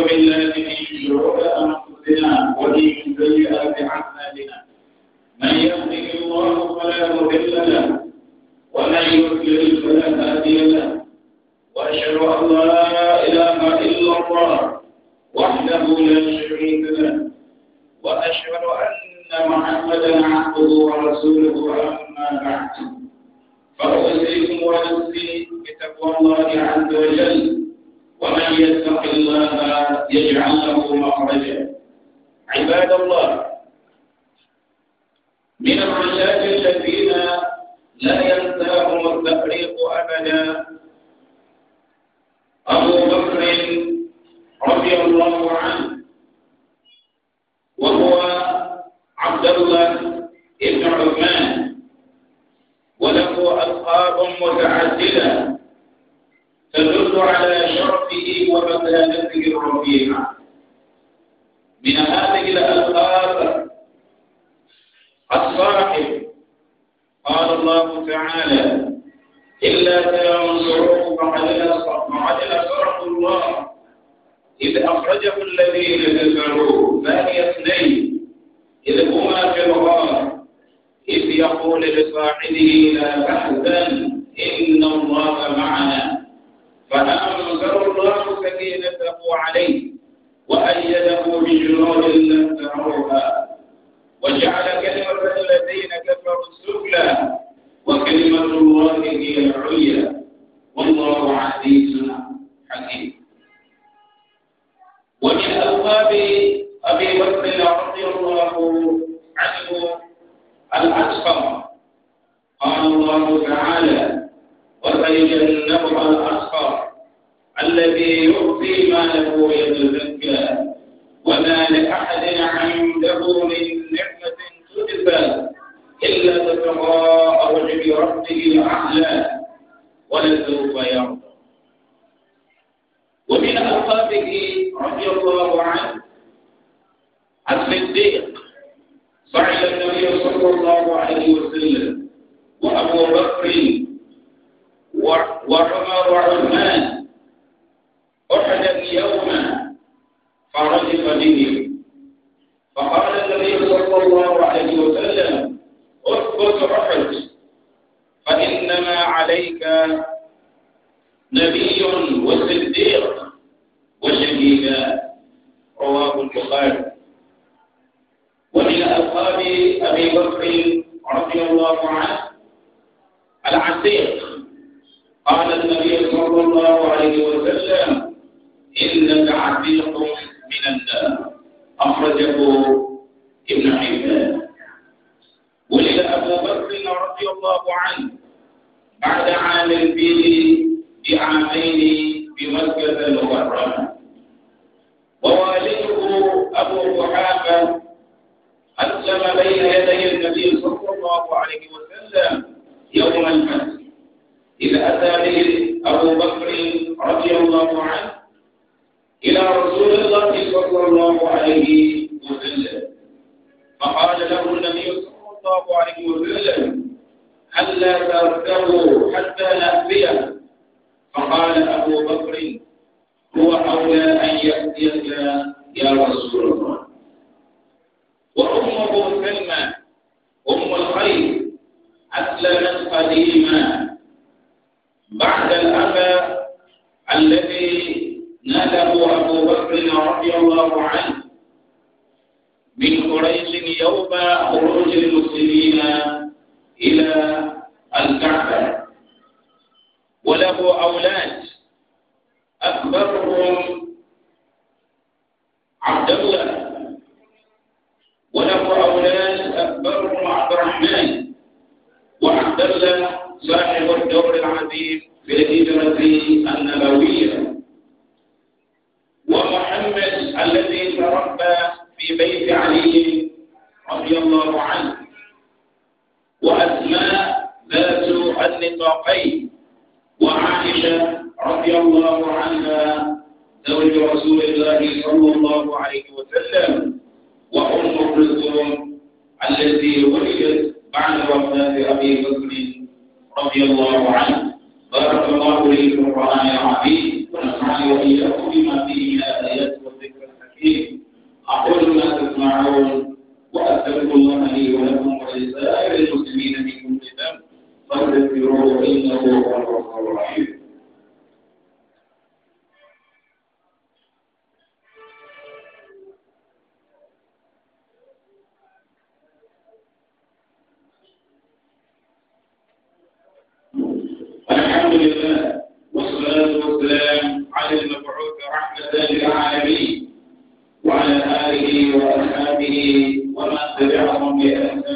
وبالذي يشرك أنفسهم على شرفه ومكانته الرفيعة من هذه الألقاب الصاحب قال الله تعالى إلا تنصروه فقد صرف الله إذ أخرجه الذين كفروا فهي اثنين إذ هما في الغار إذ يقول لصاحبه لا تحزن إن الله معنا فأنزل الله سكينته عليه وأيده بجنود لم تروها وجعل كلمة الذين كفروا السفلى وكلمة الله هي العليا والله عزيز حكيم ومن أبواب أبي بكر رضي الله عنه الأسقم قال الله تعالى وسيجنبها الأشقى الذي يؤتي ماله يتزكى وما لأحد رضي الله عنه بعد عام الفيل بعامين بمكة المكرمة ووالده أبو قحافة أسلم بين يدي النبي صلى الله عليه وسلم يوم الفتح إذ أتى به أبو بكر رضي الله عنه إلى رسول الله صلى الله عليه وسلم فقال له النبي صلى الله عليه وسلم ألا تركبوا حتى نأتيه فقال أبو بكر هو أولى أن يأتيك يا رسول الله وأمه سلمى أم الخير أسلمت قديما بعد الأبى الذي ناله أبو بكر رضي الله عنه من قريش يوم خروج المسلمين إلى الكعبة وله أولاد أكبرهم عبد الله وله أولاد أكبرهم عبد الرحمن وعبد الله صاحب الدور العظيم في الهجرة النبوية ومحمد الذي تربى في بيت علي رضي الله عنه عن وعائشة رضي الله عنها زوج رسول الله صلى الله عليه وسلم وأم كلثوم التي ولدت بعد وفاة أبي بكر رضي الله عنه بارك الله لي في القرآن العظيم ونفعني وإياكم بما فيه من الآيات والذكر الحكيم أقول ما تسمعون وأستغفر الله لي ولكم ولسائر المسلمين من كل ذنب فاستغفروه إنه هو الغفور الرحيم الحمد لله والصلاة والسلام على المبعوث رحمة للعالمين وعلى آله وأصحابه ومن تبعهم بإحسان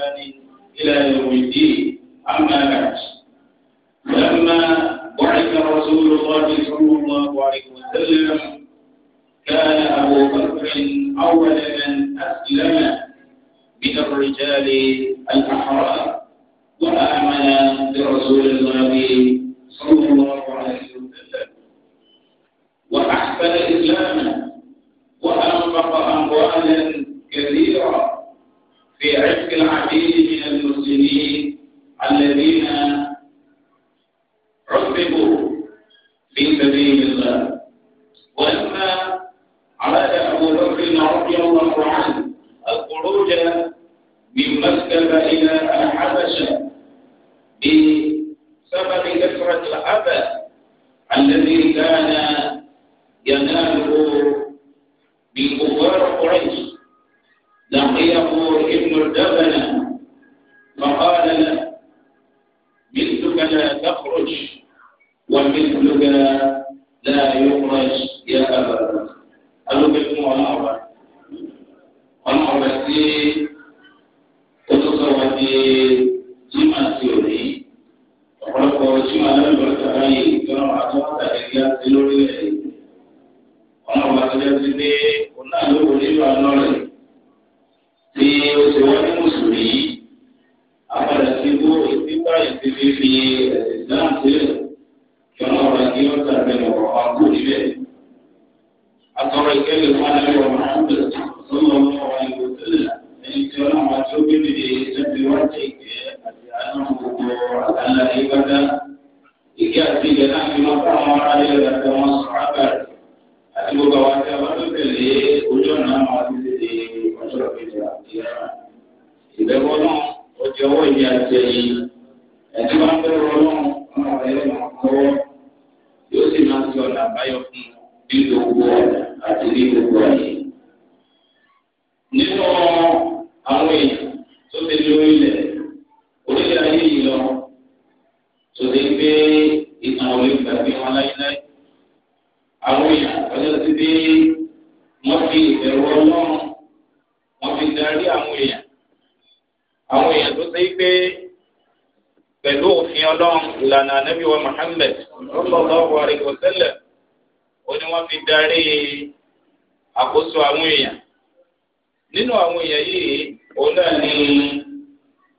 رضي الله عنه الخروج من مسكب إلى الحبشة lè jẹ́ àti àánú gbogbo àtàlà ìgbàdá. Ìgbé àti ìgbẹ́ náà fi máa fún àwọn ará ilé àti àwọn sọ̀rọ̀ àti gbogbo àwọn àti àwọn tó tẹ̀lé ojú ọ̀nà àwọn àti tètè ọjọ́ kejì àti ẹ̀rọ. Ìbẹ̀wò náà ó jẹ́ owó ìyá àti ẹ̀yìn. Ẹ̀jẹ̀ máa ń bẹ̀rù ọlọ́run ọmọ rẹ̀ máa kọ́wọ́. Yóò sì máa ti ọ̀nà àbáyọ fún bí gbogbo àti bí gbogbo àyè. Nínú àwọn èèyàn tó ti lórí ilẹ̀ sọdẹ pé ìtàn ò lè gbàgbé wọn láyéláyé àwọn èèyàn ọjọ́ ti dé wọ́n fi ìbẹ̀rù ọlọ́run wọ́n fi darí àwọn èèyàn àwọn èèyàn tó ṣe pé pẹ̀lú òfin ọlọ́run ìlànà ànábì wa Muhammad sallallahu alaihi wasallam ó ní wọ́n fi darí àkóso àwọn èèyàn nínú àwọn èèyàn yìí òun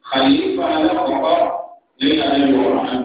khalifa alákọ̀ọ́kọ́ lẹ́yìn ànábì wa Muhammad.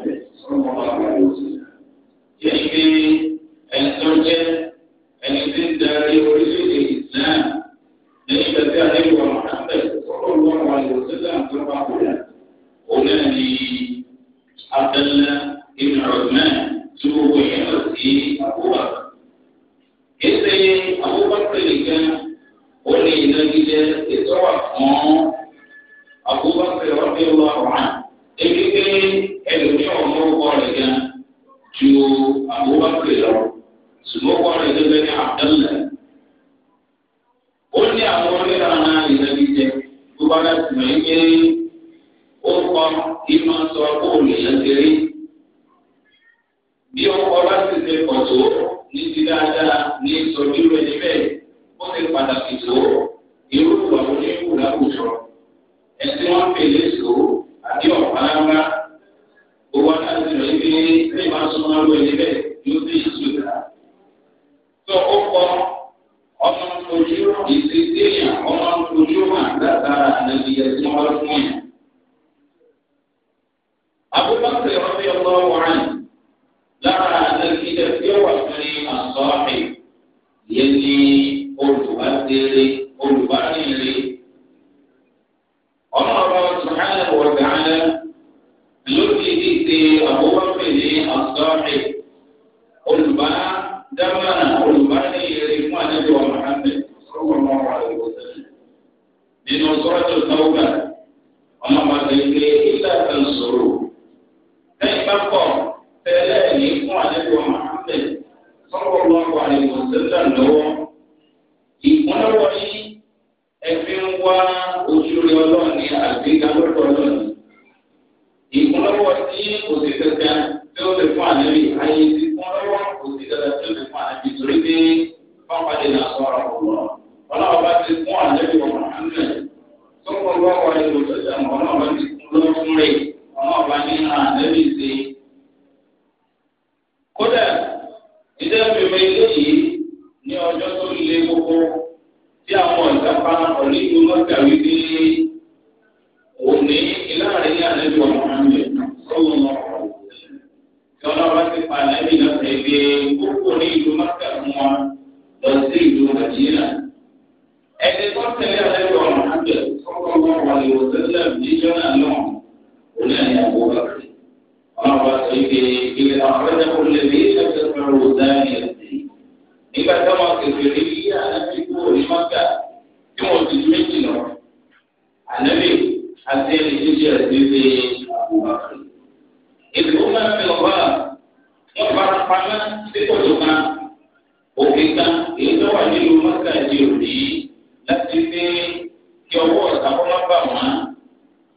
àlejò ọ̀hún àmì ẹ̀ tó ń bọ̀ wá wáyé lọ́sẹ̀ àwọn ọlọ́run ti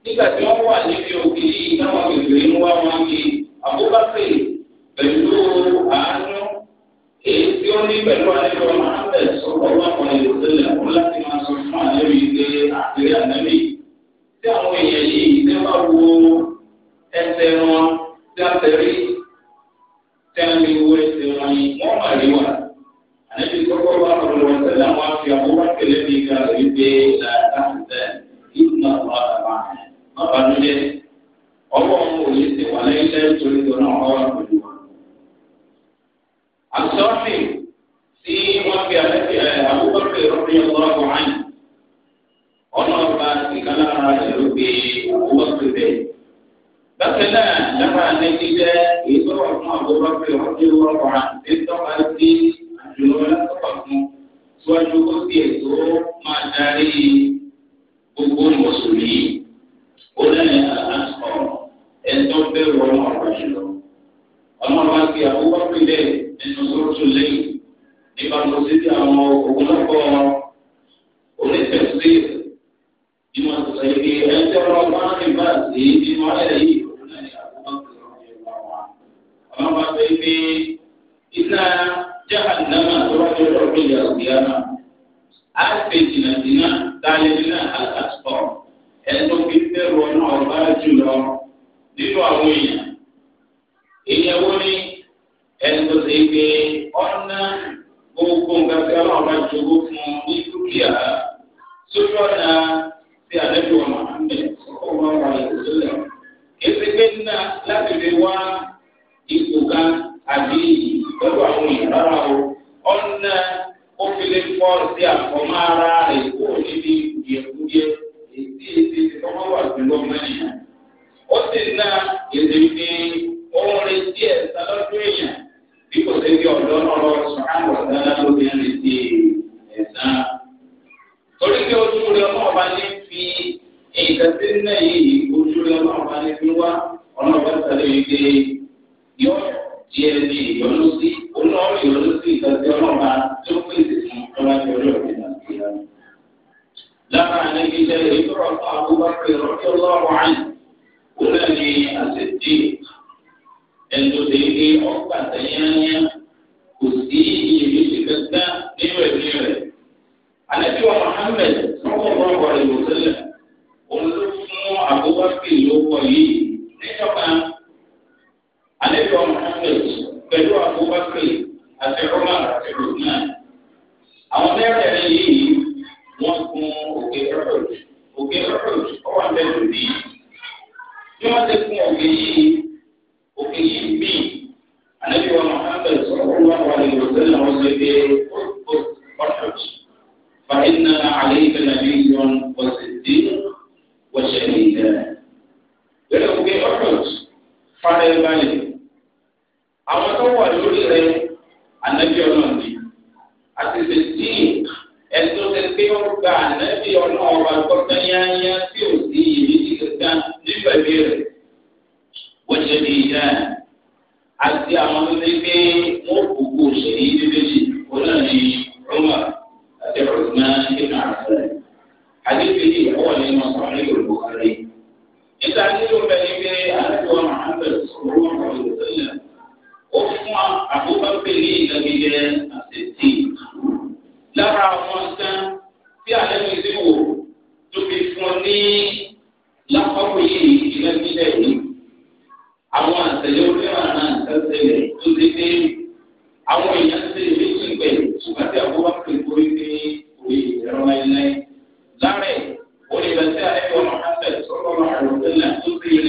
nígbà tí wọ́n wà níbi òkè yìí táwọn bèbè ń wá wọn kí Abubakar pẹ̀lú àánú èyí tí ó ní pẹ̀lú àlejò Mohammed sọ̀rọ̀ wà wọn ní ìtẹ̀lẹ̀ fún láti máa sọ fún àlẹ́bí ilé àtẹ̀lé àlẹ́bí tí àwọn èèyàn yìí tẹ́ bá wo ẹsẹ̀ wọn dáfẹ́rí tẹ́lẹ̀ wo ẹsẹ̀ wọn yìí wọ́n mà rí wa àlẹ́bí kọ́kọ́ wà lọ́wọ́ tẹ̀lé àwọn afi Abubakar lẹ́bi ìgbà rí pé làtàkùn tẹ̀ ìgbà wà má bànújẹ́ ọlọ́run ò lè tẹ̀wá lẹ́yìn lẹ́yìn torí tó náà ọ̀rọ̀ àpèjú wa. àbùsọ́ọ̀fì tí wọ́n fi àlẹ́fẹ̀ àbúkọ́ pé rọ́bì ọlọ́run kọ̀ áyì ọlọ́run bá ìkàlà ara rẹ̀ ló gbé àbúkọ́ pé bẹ́ẹ̀. bákan náà lára àlejò jẹ́ ìtọ́wọ̀ fún àbúkọ́ pé rọ́bì ọlọ́run kọ̀ áyì tọ́ka sí àjùlọ lásọ̀kọ̀ fún síwájú ó sì ètò máa darí gbogbo mùsùlùmí ó lẹ́yìn àtàkọ́ ẹ̀ńtọ́ bẹ̀rù ọmọ ọ̀rọ̀ jùlọ. ọmọ bá fi àbúkọ́ pínlẹ̀ nínú sọ́ọ̀tún lẹ́yìn nípa tó sí ti àwọn ogunlọ́pọ̀ onítẹ̀sí ìmọ̀ ìṣẹ̀lẹ̀ ẹ̀ńtọ́ ọmọ nípa sí nínú ayẹyẹ yìí òun náà ni àbúkọ́ pínlẹ̀ ọmọ bá fẹ́ fi iná jahannama tó bá fẹ́ lọ́ọ́ pínlẹ̀ ọ̀gbìn ẹ̀tọ́ fi fẹ́rù ọ̀nà ọ̀gá jùlọ nínú àwọn èèyàn. èèyàn wo ni ẹ̀tọ́ sì gbé ọ̀nà gbogbo nǹkan tí ọlọ́run bá jogó fún ní dúkìá sójú ọ̀nà tí àlejò ọ̀nà àmì ọ̀gá wà lọ́sọ̀lẹ̀. èsì pé nínà láti fi wá ipò kan àbí lọ́dọ̀ àwọn èèyàn rárá o ọ̀nà ó fi lè fọ́ sí àfọ̀mọ́ ara rẹ̀ kó níbi kùdìẹ̀kùdìẹ̀ èdè èdè ọmọ wà gbogbo mẹ́rin ó sì ná èdè ní ohun retí ẹ̀sà lọ́dún èèyàn bí kò sí bí ọ̀dọ́ ọ̀rọ̀ sọ̀rọ̀ àgbàdá lóbi ń retí ẹ̀sà. torí pé ojú rẹ̀ ọmọ ọba ní fi nǹkan tí ń náà yìí ojú rẹ̀ ọmọ ọba ní fi wá ọ̀nà ọba sàlẹ̀ yìí dé yọ díẹ̀ ní ìyọnu sí onáwó ìyọnu sí ìtàgé ọlọ́ba tó pèsè fún ọlọ́jọ́ ọlọ́ọ̀dẹ́ nàìjíríà lára àlejò ìṣẹ̀lẹ̀ ìṣòro ọ̀tọ̀ àbúgbàpẹ ìrọ̀lẹ́ ọlọ́run àyè wúlẹ̀ ní àṣetì ẹ̀dùn tèké ọgbà tẹ̀yẹ́yẹ́ kò sí ìyèméjì kẹta nínú ẹ̀mí rẹ̀. àlejò Muhammad sọ́kọ̀ ọ̀rọ̀ ìwòsílẹ̀ òun ló fún àbúgbàpẹ ìlókọ̀ yìí níjọba àlejò Muhammad pẹ̀lú àbúgbàpẹ àti Umar àti Usman. àwọn mẹ́rẹ̀ẹ̀rin yìí wọ́n gun òkè rọ́ọ̀d òkè rọ́ọ̀d ọwọ́ àbẹ̀lú bí bí wọ́n ti gun òkè yìí òkè yìí bí ànábi wọn Muhammad sọ̀rọ̀ wọn wà ní ìrọ̀sẹ̀ náà wọ́n sọ pé ó rọ́ọ̀d fàìnà àlẹ́ ìfẹ́ nàbí yọ̀n wọ́n sọ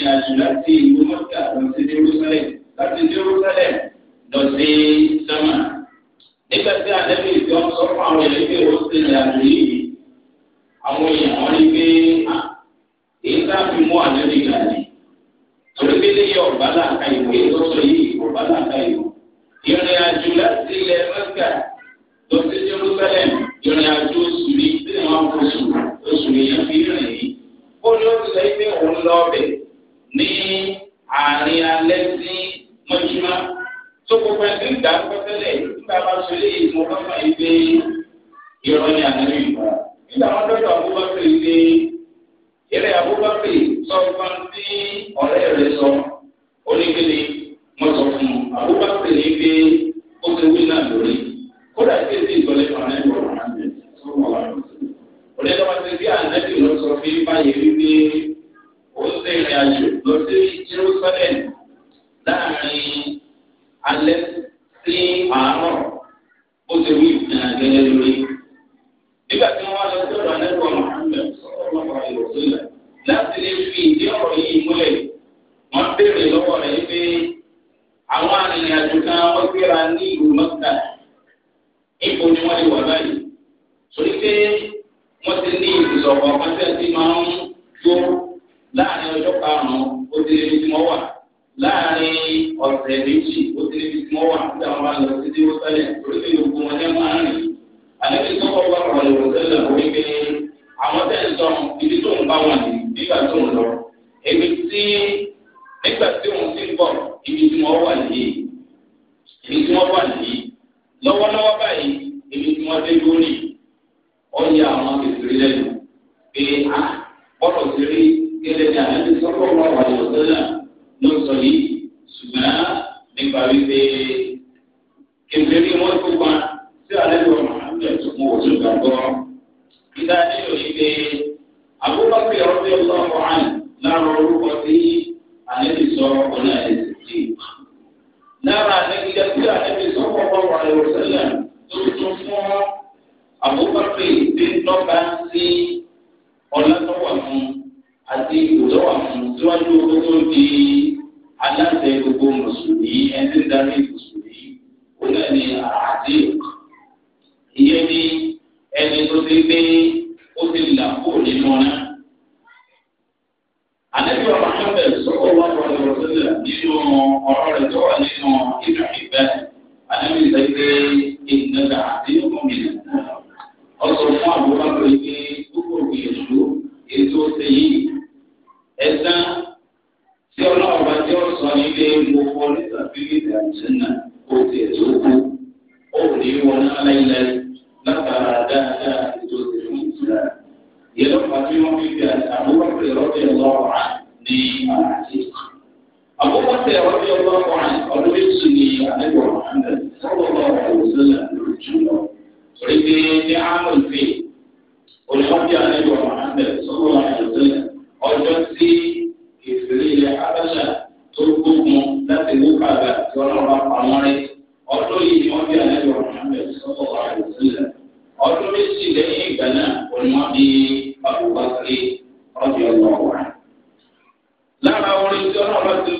ìrìnàjò láti ìlú mọ́tà lọ sí Jerusalem láti Jerusalem láàrin alẹ́ sí àárọ̀ ó ti wí ìdánilẹ́lẹ́ lórí. nígbà tí wọ́n lọ sọ́dọ̀ anẹ́kọ̀ọ́ Muhammed sọ́kọ́ ìrọ̀sílẹ̀ láti lè fi ìdí ọ̀rọ̀ yìí múlẹ̀ wọ́n béèrè lọ́wọ́ rẹ̀ pé àwọn arìnrìn-àjò kan wọ́n gbéra ní ìlú mọ́tà ipò ni wọ́n lè wà báyìí. torí pé wọ́n ti ní ìbùsọ̀kọ̀ kan tẹ́sí máa ń yó láàrin ọjọ́ karùn-ún ó ti lè fi wọ́n wà láàrin ọ̀sẹ̀ méjì ó ti ní bíi wọ́n wà nígbà wọn bá lọ sí tí wọ́n sẹ́lẹ̀ torí pé gbogbo wọn ní máa ń rìn. àlejò tó kọ́ bá wọn lọ sẹ́lẹ̀ orí pé àwọn tẹ̀lé sọ ibi tó ń bá wọn ní nígbà tó ń lọ. èmi tí nígbà tí òun ti ń bọ̀ ibi tí wọ́n wà nìyí ibi tí wọ́n wà nìyí lọ́wọ́lọ́wọ́ báyìí ibi tí wọ́n dé lórí ọ̀yà àwọn kékeré lẹ́nu pé a ah, bọ́lọ̀ sí rí gẹ́gẹ́ bí ló sọ yìí ṣùgbọ́n nípa wípé kékeré wọn أبو بكر رضي الله عنه قالوا يسني عليه محمد صلى الله عليه وسلم تريد نعم الفيل والحج عليه محمد صلى الله عليه وسلم أجلسي إفريل حبشة تركوكم لا تبوكا بأس ولا رفع مريض ọdún yìí ni wọn bí alẹ́ wọn Muhammad sọ́kọ̀ àìsílẹ̀ ọdún méjì lẹ́yìn ìgbà náà wọn ni wọn bí Abubakar ọdún ọlọ́wọ́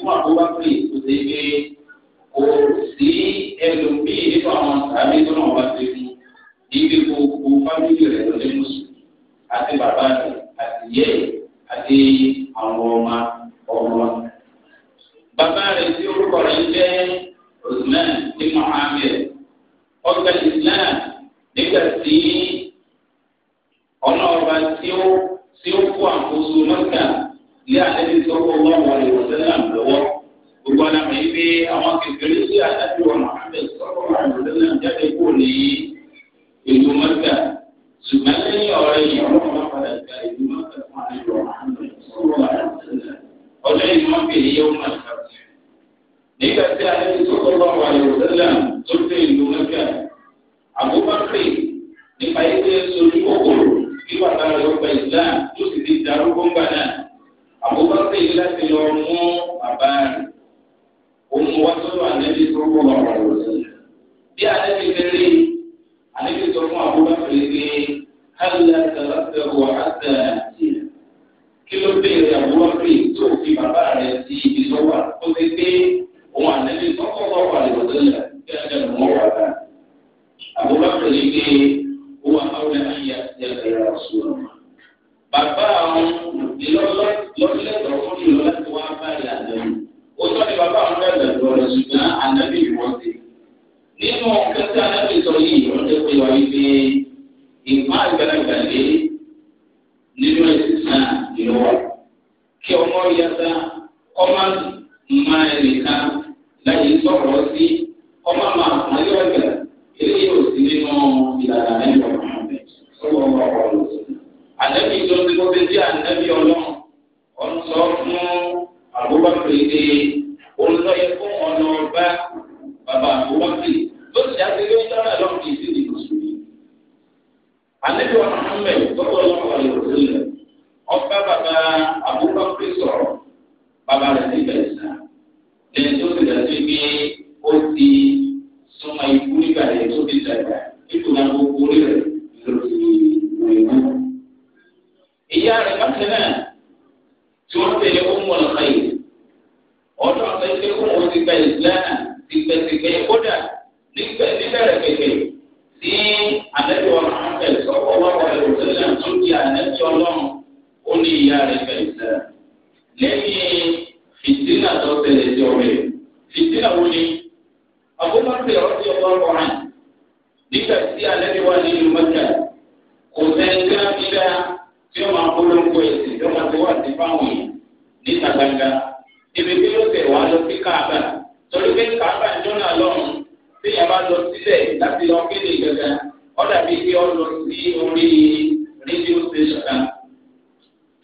fún àbúrò tó ṣe pé kò sí ẹlòmíì nínú àwọn tàbí tó náà wá sí fún ibi gbogbo fámìlì rẹ̀ lọ́dẹ mùsùlùmí àti bàbá rẹ̀ àti yẹ àti àwọn ọmọ ọmọ. Bàbá rẹ̀ tí orúkọ rẹ̀ jẹ́ Osman ní Mohammed ọgbà Islam nígbà tí ọ̀nà tí ó kó àkóso mọ́tà lé àlejò sọ́kọ̀ wọn wọlé wọ̀sẹ́lá lọ́wọ́ gbogbo àdàmà yìí pé àwọn kékeré sí àdájọ́ wọn àbẹ̀ sọ́kọ̀ wọn wọ̀sẹ́lá jáde kó ní ìlú mẹ́ta ṣùgbọ́n lẹ́yìn ọ̀rẹ́ yìí ọlọ́run máa padà gba ìlú mẹ́ta fún àlejò àbẹ̀ sọ́kọ̀ wọn wọ̀sẹ́lá ọjọ́ yìí wọ́n fi èyí ọmọ àti nígbà tí àlejò sọ́kọ̀ wọn wọ̀sẹ́lá tó dé ìlú mẹ́ta àbúbákè nípa ẹgbẹ́ sojú kòkòrò nígbà táwọn ọgbà ìsìlá tó sì ti darúgbó ńgbà náà àbúrò sì láti lọ mú bàbá rẹ̀ òun wá sọ́dọ̀ ànẹ́bí tó kọ́ ọ̀rọ̀ rẹ̀ bí ànẹ́bí ti rí ànẹ́bí sọ fún àbúrò sì pé hàlẹ́ àtàlàfẹ́ wà àtà àti kí ló bèèrè àbúrò sì tó fi bàbá rẹ̀ sí ibi tó wà ó ti pé òun ànẹ́bí tó kọ́ ọ̀rọ̀ rẹ̀ lọ́dọ̀ kí ẹ̀jẹ̀ mọ́ wà bá àbúrò sì pé òun àwọn ọ̀rẹ́ àyè àti ẹ̀rọ ìrọ̀ bàbá àwọn lọ́lẹ́dọ̀ọ́ fún ìlú láti wá báyìí àdéhùn. ó tọ́ ni bàbá àwọn bẹ̀rẹ̀ lọ́rọ̀ ṣùgbọ́n ànábì wọ́n ti. nínú kẹsí ànábì sọ yìí wọ́n ti pè wá wípé ìmọ̀ àgbàlagbàlé nínú ẹ̀sìn náà ìlú wa. kí ọmọ yàtá ọmọ máa ẹnìkan bẹ̀rẹ̀ pèpè sí àdẹ́bí wọn àwọn bẹ̀rẹ̀ sọ̀rọ̀ wọn wọlé òṣèlú tó di àdẹ́bí ọlọ́run ó ní ìyá rẹ̀ bẹ̀rẹ̀ sẹ́rẹ̀. lẹ́yìn fìtínà tó tẹ̀lé sí ọ̀rẹ́ fìtínà wo ni àbúrò bẹ̀rẹ̀ ọ̀sẹ̀ ọ̀pọ̀ ọ̀rẹ́ nígbà tí àdẹ́bí wọn ní ìlú mẹ́ta ní kí ọ lọ sí orí rédíò station náà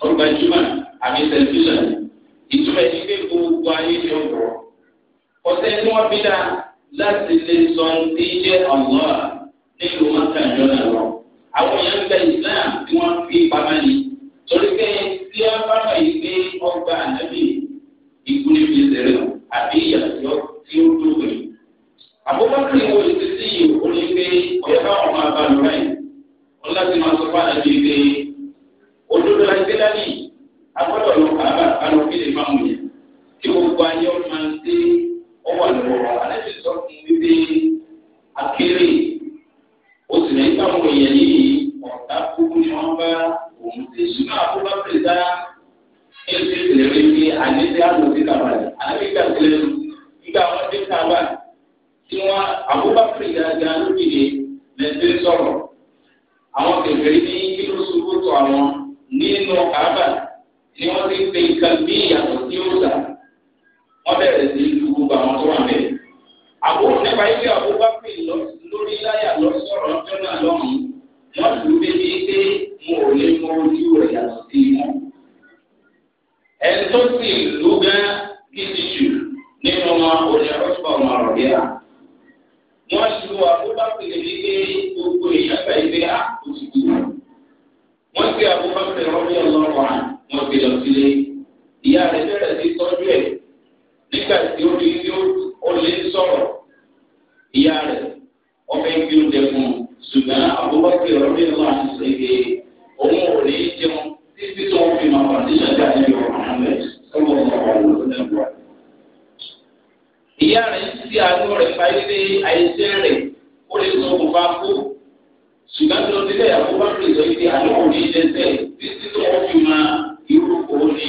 ọgbà jùmọ̀ àmì tẹlifíṣàn ìtumọ̀ ẹni pé gbogbo ayé ni ó wọ̀ ọ̀sẹ̀ tí wọ́n fi dá láti lè sọ ní jẹ́ ọ̀gbọ́n nílùú mọ́tà ìjọ náà lọ. àwọn èèyàn ń bẹ Islam tí wọ́n fi pamọ́ ni torí pé tí wọ́n bá mọ̀ yìí pé ọgbà ànábì ìkúni fi ṣẹlẹ̀ àbí ìyàtọ̀ tí ó dúró àbúkọ́tì wo lè ti sí yìí ó ní pé ọ̀yẹ́ báwọn máa bá lọ báyìí wọ́n láti máa sọ fún àdàbí pé olódò láti dání agbọ́dọ̀ lọ kábà kálọ̀ kí lè má mú yẹn kí gbogbo ayé wọn máa ń dé ọwọ́ àlọ́ àlẹ́bí sọ fún mi pé akéré ó sì lè gbà wọ́n yẹn ní ọ̀tá kúkú ni wọ́n bá òun ti ṣùgbọ́n àbúrò pè dá ẹ̀ṣẹ̀ ìlẹ̀ rẹ̀ pé àdéhùn àlòsí kàbàlẹ̀ àlẹ́bí gbà sílẹ̀ nígbà wọn ta kàbàlẹ̀ tí wọn Abubakar ìdájà lóbìnrin lẹsẹ sọ̀rọ̀ àwọn kẹfẹrí ní inú ṣubú tó àwọn nínú kábà ni wọn ti pe nǹkan bí ìyàtọ̀ tí ó dà wọn bẹ̀rẹ̀ sí í lu gbogbo àwọn tó wà bẹ́ẹ̀ àbúrò nípa ilé Abubakar lórí láyà lọ sọ̀rọ̀ jọnà lọhùnún wọn lù bẹbí pé mo ò lè mọ ojú rẹ yàtọ̀ sí i mọ ẹni tó sì lù gán kí ti jù nínú wọn ò ní ọsùn ọmọ rẹ yà ni wọ́n ṣe wọ abúbáfẹ́ lèmi pé gbogbo ìyàgbá ìgbé àkóso. wọ́n gbé abúbáfẹ́ rọ́bì ọlọ́run à wọ́n gbé lọ sílé. ìyá rẹ̀ bẹ̀rẹ̀ sí tọ́jú ẹ̀ nígbà tí ó rí ó lé sọ̀rọ̀ ìyá rẹ̀ ọmọ ẹgbẹ́ oúnjẹ fún un ṣùgbọ́n abúbáfẹ́ rọ́bì ọlọ́run àti ṣèké òun ò ní jẹun títí tó ń fi máa wà ní ṣàjà ìyọ̀ ọ̀hún rẹ̀ sọ́wọ́ ọ̀hún rẹ̀ ìyá rẹ̀ ti àánú rẹ̀ fáyé dé àyíṣẹ́ rẹ̀ ó lè sọ òun bá kú. ṣùgbọ́n tí onílé ìyàwó bá rè sọ ibi àánú òun ní ilé tẹ̀ títí tó wọ́n fi máa irú òun ní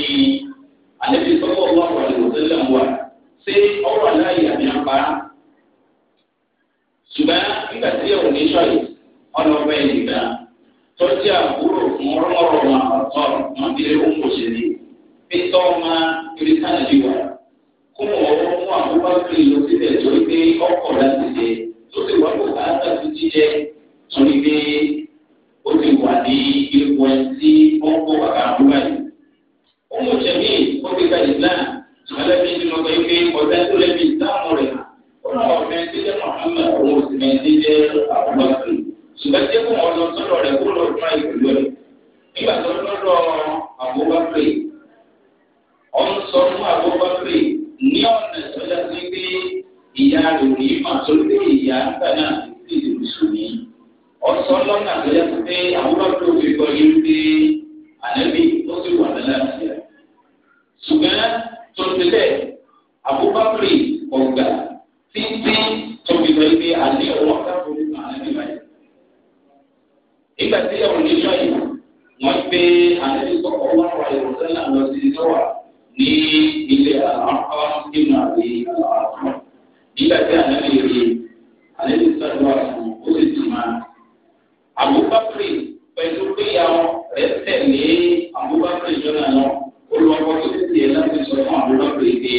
àlẹ́bí sọ́kọ̀ wà wà lè wọ́sẹ̀lẹ̀ wà ṣé ọwọ́ aláyè àmì àpá. ṣùgbọ́n nígbà tí ẹ̀ òun ní sọ̀rọ̀ ọ̀nà ọ̀bẹ ìgbà tọ́jú àbúrò fún ọ̀rọ̀ kó wọ́n fún àbúrò ìlú e síbẹ̀ torí pé ọkọ̀ láti jẹ tó sì wá kó bá àtàkì jíjẹ torí pé ó ti wà ní ipò ẹ̀ tí kó bàbá àbúrò yìí. Ọmọ ìṣẹ̀mí ó ti gba ìlà ìmọ̀lẹ́bí tí mo gbé pé ọ̀dà tó lẹ́bi ìsáàmù rẹ̀ ọ̀nà ọ̀fẹ́ tí jẹ́ Mọ̀hámà òun sì mẹ́ tí jẹ́ àbúrò ṣùgbọ́n tí kò wọ́n lọ sọ́dọ̀ rẹ̀ kó lọ fún àìkúlù rẹ̀ nígbà tó lọ́dọ̀ àbúrò ọ̀n sọ fún àbúrò ní ọ̀nà ìtọ́jà sí pé ìyá rẹ̀ ò ní mà tó lé ìyá nígbà náà sí ìlú sùnì. ọ̀sán lọ́nà ìtọ́jà sí pé àwọn bá tó fi gbọ́ yé pé ànábì ó sì wà lálàáfíà. ṣùgbọ́n tó ti bẹ́ẹ̀ àbúbákùrì ọ̀gá títí tó fi gbọ́ yé pé àlẹ́ ọ̀wọ́ káfọ́ nípa ànábì báyìí. nígbà tí ẹ̀wọ̀n ní sọ́yìn wọ́n gbé ànábì sọ̀rọ̀ wá wà ìrọ̀sẹ́lá lọ sí ìtọ́wà ní ilé àlàáfà nínú àbí àlàáfà nígbà tí ànábì rí ànábì sọ́dọ̀ àfún ó sì tì máa. àbúbáfìrì pẹ̀lú pé àwọn rẹ̀ tẹ̀lé àbúbáfìrì jọ́nà náà ó lọ wọ́n tó ti tiẹ̀ láti sọ fún àbúbáfìrì pé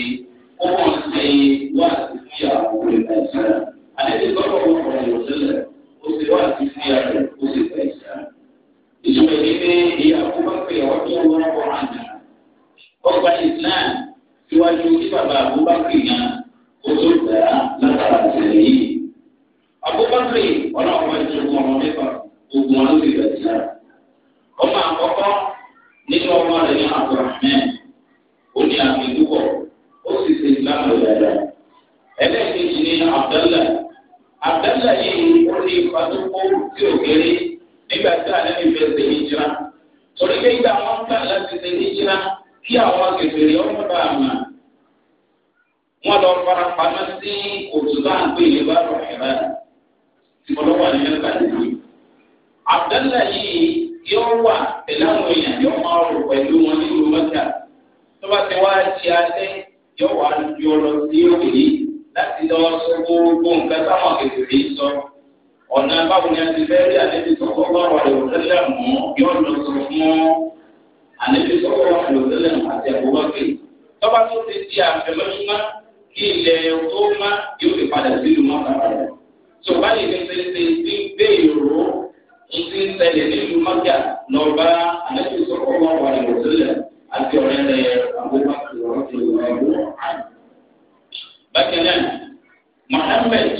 ó wọ́n ṣe wá àti fi àwọn olè ẹ̀sẹ̀. ànábì sọ́dọ̀ wọn kọ̀ọ̀rọ̀ ìwọ̀sẹ̀lẹ̀ ó sì wá àti fi àwọn olè ẹ̀sẹ̀. ìjọba ìdílé ìyá àbúbáfìrì ọ̀dọ́ ọgbà islam síwájú kí bàbá abubakar yàn ó tó gbà á látara ìṣẹ̀lẹ̀ yìí. abubakar ọlọ́pàá ti mú ọmọ mẹ́fà ogun wọn ló ti gbà sí ara. ọmọ àkọ́kọ́ nínú ọmọ rẹ̀ ní abdulrahman ó ní àmì púpọ̀ ó sì ṣe islam lọ dáadáa. ẹlẹ́ẹ̀kejì ní abdallah abdallah yìí ó ní ipa tó kó tí ò kéré nígbà tí àlẹ́ mi fẹ́ ṣe níjìlá. torí pé ìgbà wọn gbà láti ṣe níjìlá kí àwọn kẹfìrì ọmọ bá a mà wọn lọ fara pamọ́ sí òtún bá ń pè ní bàbá ìrà ìfọlọwà ní mẹ́ta nìyí abdalla yìí yóò wà pẹ̀lú àwọn èèyàn yóò máa rò pẹ̀lú wọn nílùú mẹ́ta tó bá ti wá di alẹ́ yóò wá yọ lọ sí òkèlè láti lọ sọ gbogbo nǹkan táwọn kẹfìrì sọ ọ̀nà báwo ni a ti fẹ́ rí àlejò tó kọ́ bá wà lọ́wọ́ tẹ́lẹ̀ mọ́ yóò lọ sọ fún ọ ànábi sọ̀rọ̀ wà lọ́sẹ̀lẹ̀ àti àbúrọ̀kì tọ́ba tó ti di àfẹmọ́súná kí ilẹ̀ tó má yóò fi padà sí ìlú mọ́ta padà. tó báyìí ní pẹ́ẹ́sẹ́ ti ń gbé ìró ń ti ń tẹ̀lé nílùú mọ́tà lọ́ba ànábi sọ̀rọ̀ wà wà lọ́sẹ̀lẹ̀ àti ọ̀rẹ́ rẹ̀ àbúrọ̀kì ọ̀rọ̀kì ọ̀rọ̀ bákan náà Muhammad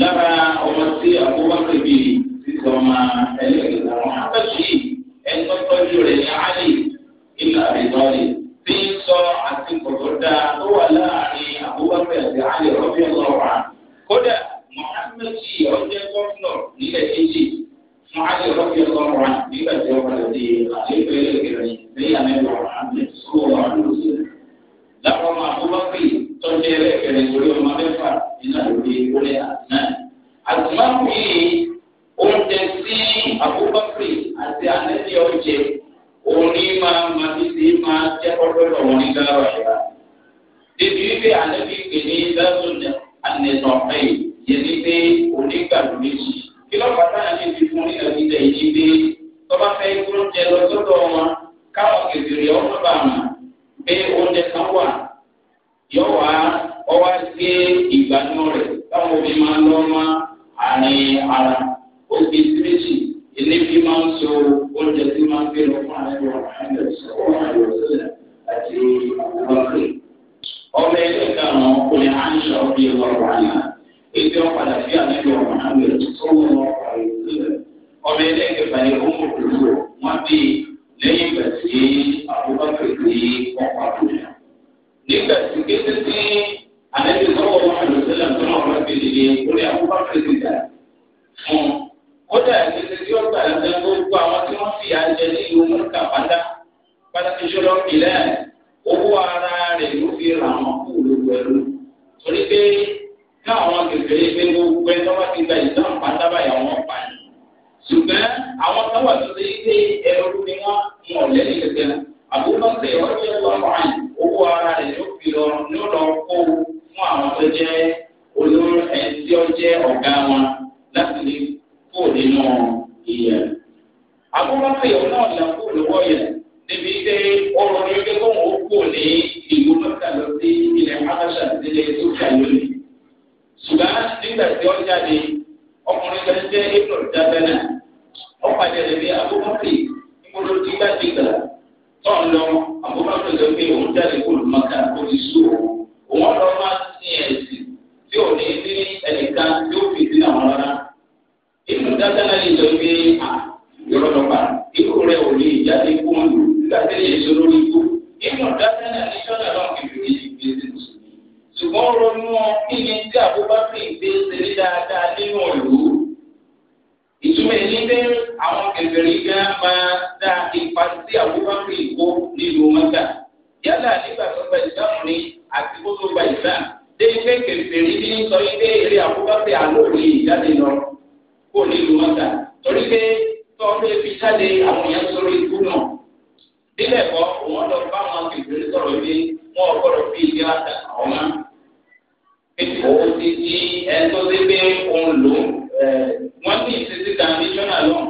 lára ọmọ tí àbúrọ̀kì bíi sísọ ọmọ ẹlẹ́gbẹ̀rún Muhammad yìí ẹ̀ńtọ́ tọ́jú rẹ̀ ní alì ìlà àbíbọ́lì tí ń sọ àti kòtò dáa tó wà láàrin àbúbáfẹ́ àti alì rọ́bì ọlọ́wà. kódà mohammed sí ọjọ́ gọ́fúnà nílẹ̀ kejì fún alì rọ́bì ọlọ́wà nígbà tí wọ́n padà di àlejò ẹlẹ́gẹ̀rẹ̀ lẹ́yìn àmẹ́wò mohammed sọ́wọ́ àlùsí. láwọn ọmọ àbúbáfẹ́ tọ́jú ẹlẹ́gẹ̀rẹ̀ torí ọmọ mẹ́fà nínú àlùfẹ́ ìwọlé àtúnáà. àtúnáà oúnjẹ si Abubakar àti anẹ́bí ọ̀jẹ̀ òní máa ma títí máa jẹ́ ọ̀dọ́ lọ́wọ́ ní gbàrà ìlà. Débi wípé anẹ́bí pè ní Dásun Anẹ́nà Ọ̀pẹ́yì ní pé onígbàlú méjì. Kí ló ti fún pé tọ́ba fẹ́ oúnjẹ lọ sọ́dọ̀ wọn káwọn ọ̀nà bá pé oúnjẹ kan wà yọ wá ọwá rẹ̀ òbí sí méjì ilé bí máa ń so oúnjẹ tí máa ń gbé lọ fún àwọn ẹgbẹ́ ọ̀hánlẹ̀ sọ̀rọ̀ àyọ̀ sílẹ̀ àti àbúrọ̀kì. ọmọ ẹgbẹ́ kan ọkùnrin àńṣọ bíi ọ̀rọ̀ àná ebi ọ̀padà bí àlejò ọ̀hánlẹ̀ sọ̀rọ̀ ọ̀rọ̀ àyọ̀ sílẹ̀ ọmọ ẹgbẹ́ kẹfà ni ó ń mú òkúrò wọn bí lẹ́yìn ìgbà tí àbúrọ̀kì ti ọ̀pá kùnà. nígbà tí kété tí àlejò sọ̀rọ̀ ọ̀hánlẹ̀ sílẹ̀ kódà ìgbésẹ̀ tí ó gbà jẹ gbogbo àwọn tí wọ́n fìyà jẹ ní ìlú mọ́tà padà pàtàkì jọlọ ìlẹ̀ owó ara rẹ̀ ló fi ra àwọn kú olóko ẹrú torí pé káwọn kékeré pé gbogbo ẹ tọ́wọ́ ti gba ìdáhùn padà báyà wọn pa ni ṣùgbọ́n àwọn tọ́wọ́ tó ṣe pé ẹrú ni wọ́n mú ọ̀lẹ́ ní kẹ̀kẹ́ àbúrò ṣe ọjọ́ ìwà wáyé owó ara rẹ̀ ló fi lọ ní lọ kó fún àwọn tó jẹ́ olórí ẹ̀ sínú ìyẹ. Abúlọ́pọ̀ ìyàwó náà là kú lọ́wọ́ yẹn níbi pé ó rọ ní pé kóun ó kú ní ìlú mẹ́ta lọ sí ilẹ̀ Habasha nílé Sókè lónìí. Ṣùgbọ́n nígbà tí ó jáde, ọkùnrin kan jẹ́ Ibnu Jabana. Ó pàdé rẹ̀ bí Abúlọ́pọ̀ ìgbòho ti gbàdégbà. Tọ́ ń lọ, Abúlọ́pọ̀ ìjọ pé òun jáde kúrò mọ́ta ó ti sú òun. Òun ọ̀rọ̀ máa ń sin ẹ̀sìn tí ò ní sí ẹnìkan tí ó fi sí àwọn rárá èmi dáadáa náà lè sọ pé à yọrọ lọ pa ikú rẹ ò lè jáde kú mọ nígbà tí lè so lórí ikú èmi dáadáa náà lè sọ náà lọ́wọ́ kébìrì ní ìgbésẹ̀ mùsùlùmí ṣùgbọ́n ronú wọn kí ni tí àbúbá fi ìgbésẹ̀ rí dáadáa nínú ìlú ìtumọ̀ ẹni pé àwọn kẹfẹ́rì gan máa da ipa tí àbúbá fi ìkó nílùú mọ́tà yálà nígbà tó gba ìsáàmù ni àti bó tó gba ìsáàmù dé pé kẹfẹ́rì ní sọ kó nílùú mọ́tà torí pé tọ́lú ebi jáde àwọn èèyàn sọ̀rọ̀ ikú náà bílẹ̀ kọ́ òun lọ bá àwọn akéwìrì sọ̀rọ̀ pé wọ́n gbọ́dọ̀ fi ìgbé àtà àwọn mọ́ ètò ti di ẹ̀tọ́ sí pé òun lò wọ́n ní ìsinsin kan ní jọ́nà lọ́n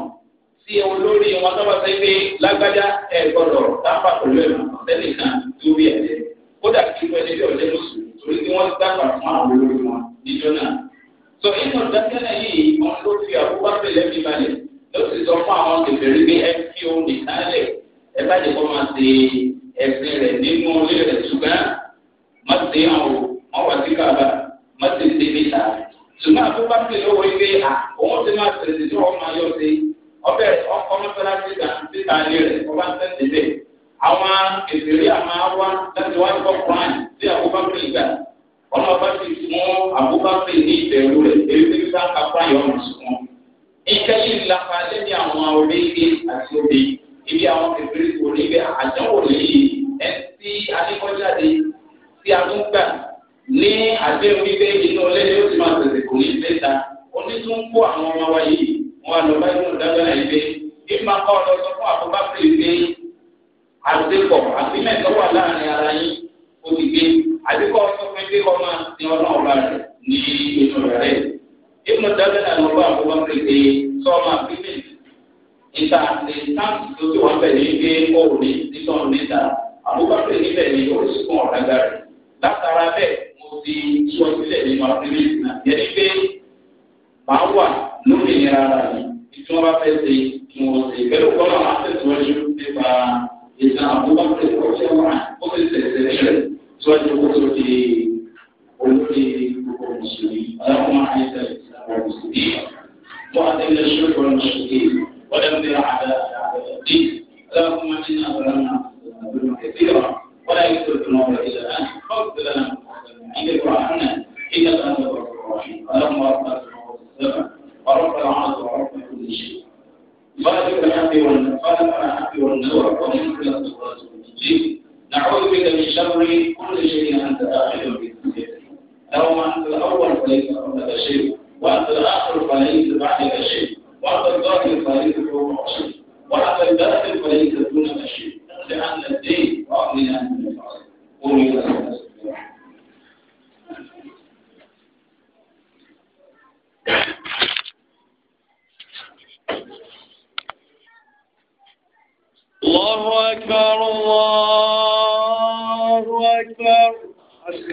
sí olórí wọn tọ́ba sí pé lágbájá ẹ̀ gbọ́dọ̀ dáfà pẹ̀lú ẹ̀ lọ́sẹ̀lẹ̀ kan tó bí ẹ̀ kódà kí wọ́n ẹni bí ọ̀lẹ́ lóṣù torí kí wọ́n dáfà fún àwọn olórí wọn ní tó inú dákẹ́lẹ̀ yìí wọn ló fi àbúgbà pẹ̀lẹ́ mi balẹ̀ ló sì sọ fún àwọn kèfèrí pé ẹ fi ohun nìkanlẹ̀ ẹ bá jẹ́ kó máa ṣe ẹ̀sìn rẹ̀ nínú ilé rẹ̀ ṣùgbọ́n má ṣe àwọn wọn wà sí kàbá má ṣe ṣe níta ṣùgbọ́n àbúgbà pẹ̀lẹ́ owó ilé à òun ti máa ṣèṣe tí wọ́n máa yọ sí ọbẹ̀ ọkọ̀ mọ́sálásí kan síta ilé rẹ̀ ọba ń tẹ̀síbẹ̀ àwọn kèfèrí àmà wá láti wá gbọ́ kúránì sí àbúgbà pẹ̀lẹ́ ọlọ́run bá sì fún abúgbàpè ní ìbẹ̀rù rẹ̀ èyí tí wọ́n ká fáyọ̀ ọ̀hún sùn. ìkẹ́lí ìlàpá lẹ́bi àwọn oríire àti omi ibi àwọn kékeré kò ní bẹ́ẹ̀ àdánwò lèyí ẹ̀ tí adékọ́jáde tí a tún gbà ní àdéhùn wípé inú ọlẹ́ni ó ti máa tètè kò ní ilé ta onítún kó àwọn ọmọ wa yìí wọn lọ bá inú dágbára yìí pé bí máa kọ́ ọ lọ sọ fún abúgbàpè pé àdékọ̀ àbí mẹ́tọ́ wà láàrin ara yín àdìgbò ọ̀sán pété ọmọ ní ọlọ́run bá rẹ̀ ní inú rẹ̀ rẹ̀. Ibùdó dábẹ́ náà ló bá àwọn ọmọ kéde sọ́ọ́mà bíbẹ̀. Ìta lè táǹkì tó ti wọ́n bẹ̀rẹ̀ ní pé ó ní nítorí níta. Àbúkọ̀tẹ̀ níbẹ̀ ni oríṣiríṣi ọ̀rẹ́gà rẹ̀. Látara bẹ́ẹ̀ mo ti sọ sílẹ̀ nínú abúlé náà. Yẹ́nì pé màá wà lórí ìnira ara mi. Ìtumọ̀ bá fẹ́ ṣe mo tí wọ́n jókòó sóde olórí gbogbo mùsùlùmí aláwọ̀ àyíká ìsìlámù mùsùlùmí wọ́n adẹ́lẹ̀ ṣùgbọ́n mùsùlùmí wọ́n dẹ́gbẹ́ àdá àdá ẹ̀dí aláwọ̀ mọ́tínà ọ̀lànà ọ̀lànà kẹfìrà wọ́n dà yíkọ̀ tó náà wọlé lẹ́nà fọ́ọ̀tì lẹ́nà ilé wa hànà ilé wa hànà aláwọ̀ ورب العرض ورب كل شيء فارق الحق والنور ومنزل الصراط المستقيم نعوذ بك من شر كل شيء أنت آخر بنسيته لو أنت الأول فليس قبلك شيء وأنت الآخر فليس بعدك شيء وأنت الظاهر فليس فوق شيء وأنت الداخل فليس دونك شيء لأن الدين وأغني أنت من الفقر قولوا الله أكبر الله أكبر